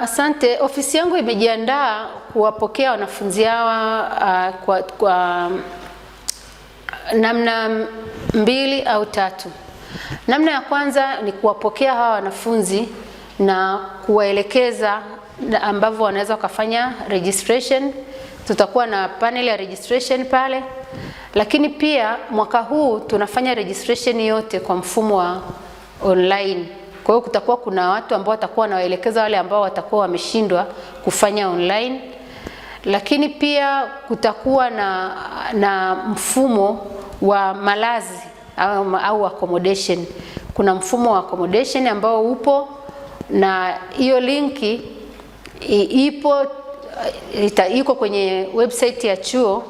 Asante. Ofisi yangu imejiandaa kuwapokea wanafunzi hawa uh, kwa, kwa um, namna mbili au tatu. Namna ya kwanza ni kuwapokea hawa wanafunzi na kuwaelekeza ambavyo wanaweza wakafanya registration. Tutakuwa na panel ya registration pale, lakini pia mwaka huu tunafanya registration yote kwa mfumo wa online. Kwa hiyo kutakuwa kuna watu ambao watakuwa wanawaelekeza wale ambao watakuwa wameshindwa kufanya online, lakini pia kutakuwa na, na mfumo wa malazi au, au accommodation. Kuna mfumo wa accommodation ambao upo na hiyo linki ipo ita, iko kwenye website ya chuo.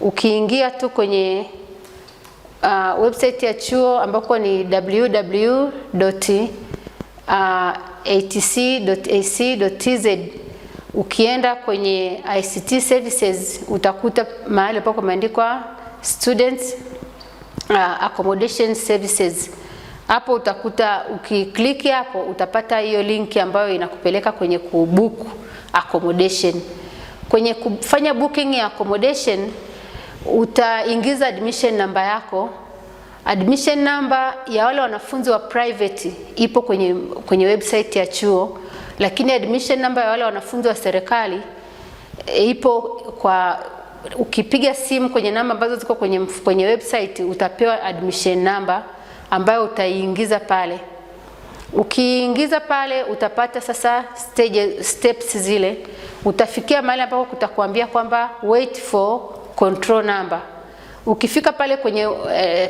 Ukiingia tu kwenye uh, website ya chuo ambako ni www Uh, atc.ac.tz. Ukienda kwenye ICT services utakuta mahali pa kumeandikwa students uh, accommodation services. Hapo utakuta ukikliki hapo utapata hiyo linki ambayo inakupeleka kwenye kubuku accommodation. Kwenye kufanya booking ya accommodation utaingiza admission namba yako Admission number ya wale wanafunzi wa private ipo kwenye, kwenye website ya chuo, lakini admission number ya wale wanafunzi wa serikali e, ipo kwa ukipiga simu kwenye namba ambazo ziko kwenye, kwenye website utapewa admission number ambayo utaiingiza pale. Ukiingiza pale utapata sasa stage, steps zile, utafikia mahali ambapo kutakuambia kwamba wait for control number. Ukifika pale kwenye eh,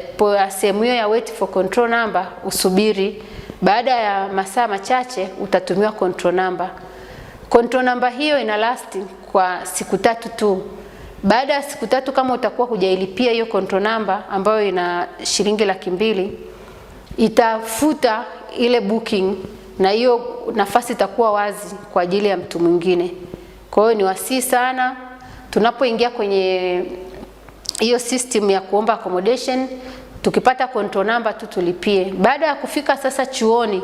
sehemu hiyo ya wait for control number usubiri. Baada ya masaa machache utatumiwa control number. Control number hiyo ina last kwa siku tatu tu. Baada ya siku tatu kama utakuwa hujailipia hiyo control number ambayo ina shilingi laki mbili itafuta ile booking na hiyo nafasi itakuwa wazi kwa ajili ya mtu mwingine. Kwa hiyo ni wasii sana tunapoingia kwenye hiyo system ya kuomba accommodation, tukipata control number tu tulipie. Baada ya kufika sasa chuoni,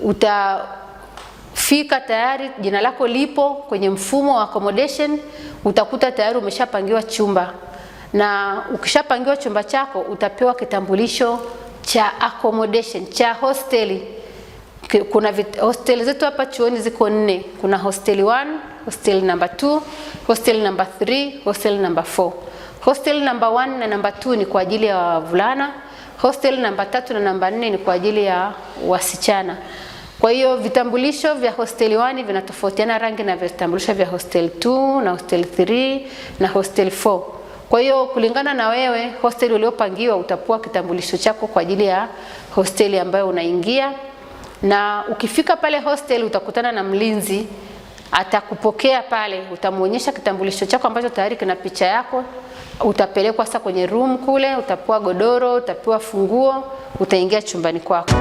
utafika tayari jina lako lipo kwenye mfumo wa accommodation, utakuta tayari umeshapangiwa chumba, na ukishapangiwa chumba chako utapewa kitambulisho cha accommodation cha hosteli. Kuna hosteli zetu hapa chuoni ziko nne. Kuna hosteli 1, hosteli number 2, hosteli number 3, hosteli number 4. Hostel namba 1 na namba 2 ni kwa ajili ya wavulana. Hostel namba 3 na namba 4 ni kwa ajili ya wasichana. Kwa hiyo vitambulisho vya hostel 1 vinatofautiana rangi na vitambulisho vya hostel 2 na hostel 3 na hostel 4. Kwa hiyo kulingana na wewe hostel uliopangiwa utapua kitambulisho chako kwa ajili ya hostel ambayo unaingia, na ukifika pale hostel utakutana na mlinzi atakupokea pale, utamwonyesha kitambulisho chako ambacho tayari kina picha yako utapelekwa sasa kwenye room kule, utapewa godoro, utapewa funguo, utaingia chumbani kwako.